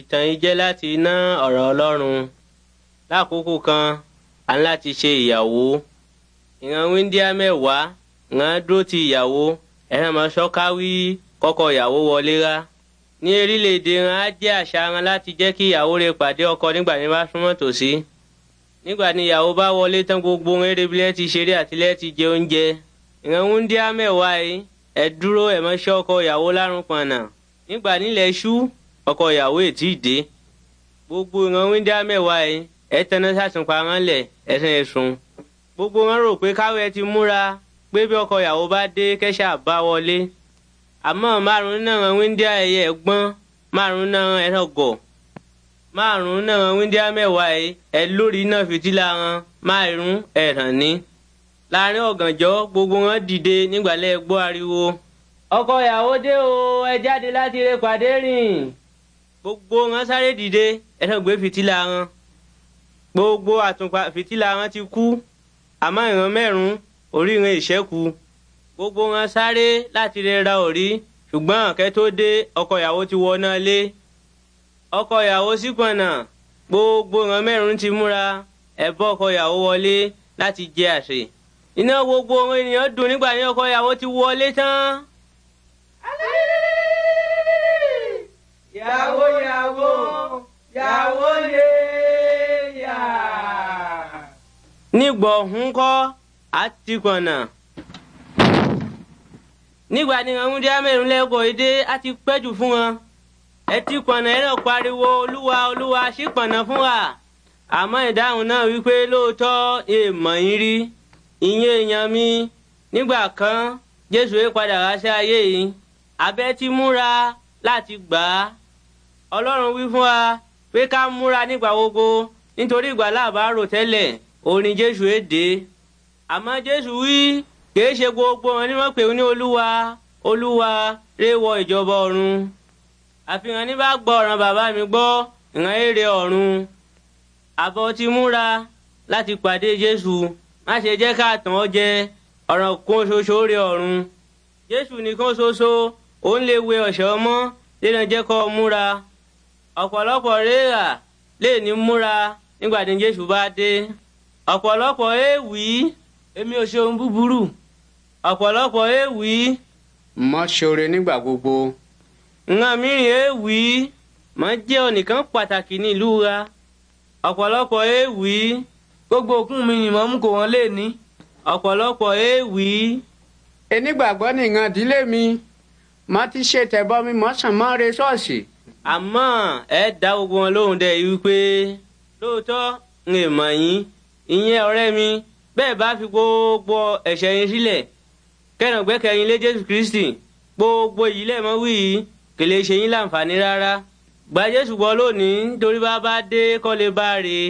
ìtàn yìí jẹ́ láti iná ọ̀rọ̀ Ọlọ́run lákòókò kan à ń láti ṣe ìyàwó ìran wíńdíá mẹ́wàá ìran dúró ti ìyàwó ẹ̀ràn mọ́ sọ́káwí kọ́kọ́ ìyàwó wọlé rá ní orílẹ̀-èdè ran á jẹ́ àṣà ran láti jẹ́ kí ìyàwó rẹ̀ pàdé ọkọ nígbà tí bá súnmọ́ tòsí nígbà ni ìyàwó bá wọlé tán gbogbo ohun erébilẹ̀ ti ṣeré àtìlẹ́ ti jẹ oúnjẹ ìran wúndíá mẹ́wàá yìí ẹ̀ dúró ẹ̀ ọkọ ìyàwó lárùn pọ̀nà nígbà nílẹ̀ ṣú ọkọ ìyàwó ẹ̀ tí ì dé gbogbo ìran wíńdá mẹ́wàá ẹ̀ ẹ̀ tẹná sàtúnpa rán lẹ̀ ẹ̀sìn ẹ̀sùn gbogbo wọn rò pé káwé ti múra pé bí ọkọ ìyàwó bá dé kẹ́sà bá wọlé àmọ́ márùn-ún náà wíńdá ẹ̀yẹ ẹ̀gbọ́n márùn-ún náà ẹ̀rọ gọ̀ọ́ márùn náà wíńdíá mẹ́wàá yìí ẹ lórí náà fìtílà wọn márùn ẹ̀ràn ní. láàrin ọ̀gànjọ́ gbogbo wọn dìde nígbàlẹ́ gbọ́ ariwo. ọkọ ìyàwó dé o ẹ jáde láti rẹ pàdé rìn gbogbo wọn sáré dìde ẹ̀sán gbé fìtílà wọn gbogbo àtùpà fìtílà wọn ti kú àmọ́ ìran mẹ́rùn orí ìran ìṣẹ́kù gbogbo wọn sáré láti lè ra òrí ṣùgbọ́n kẹ́ tó dé ọkọ ìyàwó ti wọná lé ọkọ ìyàwó sì pọ̀nà gbogbo ìran mẹ́rùn ti múra ẹ̀bọ́ ọkọ ìyàwó wọlé láti jẹ àṣẹ iná gbogbo ohun ènìyàn dùn nígbà ní ọkọ ìyàwó ti wọlé tán. yàwó yàwó yàwó lè yà. nígbà ọ̀hún kọ́ àti kọ̀nà nígbà tí wọn ń dé amẹ́rin lẹ́kọ̀ọ́ èdè á ti pẹ́jù fún wọn ẹtí kọ̀nà ẹ̀rọ pariwo olúwa olúwa ṣí kọ̀nà fún wa àmọ́ ìdáhùn náà wípé lóòótọ́ èèmọ̀ yín rí ìyẹn èèyàn mi nígbà kan jésù é padà wá sí ayé yìí abẹ́ ti múra láti gbà á ọlọ́run wí fún wa pé ká múra nígbà gbogbo nítorí ìgbà láàbá rò tẹ́lẹ̀ orin jésù èdè àmọ́ jésù wí kìí ṣe gbogbo wọn ni wọ́n pè ní olúwa olúwa réwọ ìjọba ọ̀run àfihàn ní bá gbọ́ ọ̀ràn bàbá mi gbọ́ ìran èrè ọ̀run àbọ̀ ti múra láti pàdé jésù má ṣe jẹ́ ká tàn ọ́ jẹ ọ̀ràn kan ṣoṣo rè ọ̀run jésù nìkan ṣoṣo òun lè we ọ̀ṣẹ́ ọmọ lẹ́nu jẹ́ kó múra. ọ̀pọ̀lọpọ̀ rírà lè ní múra nígbà tí Jésù bá dé ọ̀pọ̀lọpọ̀ èèwì èmi ò ṣe ohun búburú ọ̀pọ̀lọpọ̀ èèwì. mọ ṣoore nígbà gbogbo. nǹkan mìíràn èèwì mọ jẹ́ ọ̀nìkan pàtàkì ní ìlú wa ọ̀pọ̀lọpọ̀ èèwì gbogbo òkun mi ni mò ń kó wọn lé ní ọ̀pọ̀lọpọ̀ èèwì. enígbàgbọ́ nìkan ìdílé mi mo ti ṣètẹ̀bọ mi mo sàn mọ́ re ṣọ́ọ̀ṣì. So àmọ́ ẹ dá gbogbo wọn lóhùn dẹ wípé lóòótọ́ ń lè mọ̀ yín ìyẹn ọ̀rẹ́ mi bẹ́ẹ̀ bá fi gbogbo ẹ̀ṣẹ̀ yín sílẹ̀ kẹ́nà gbẹ́kẹ̀yìn lé jésù kristi gbogbo yìí lẹ́ẹ̀mọ́ wí yìí kì lè ṣe yín láǹfààní rárá gba jésù gbọ́ lónìí torí bá bá dé kọ́ lè bá rèé.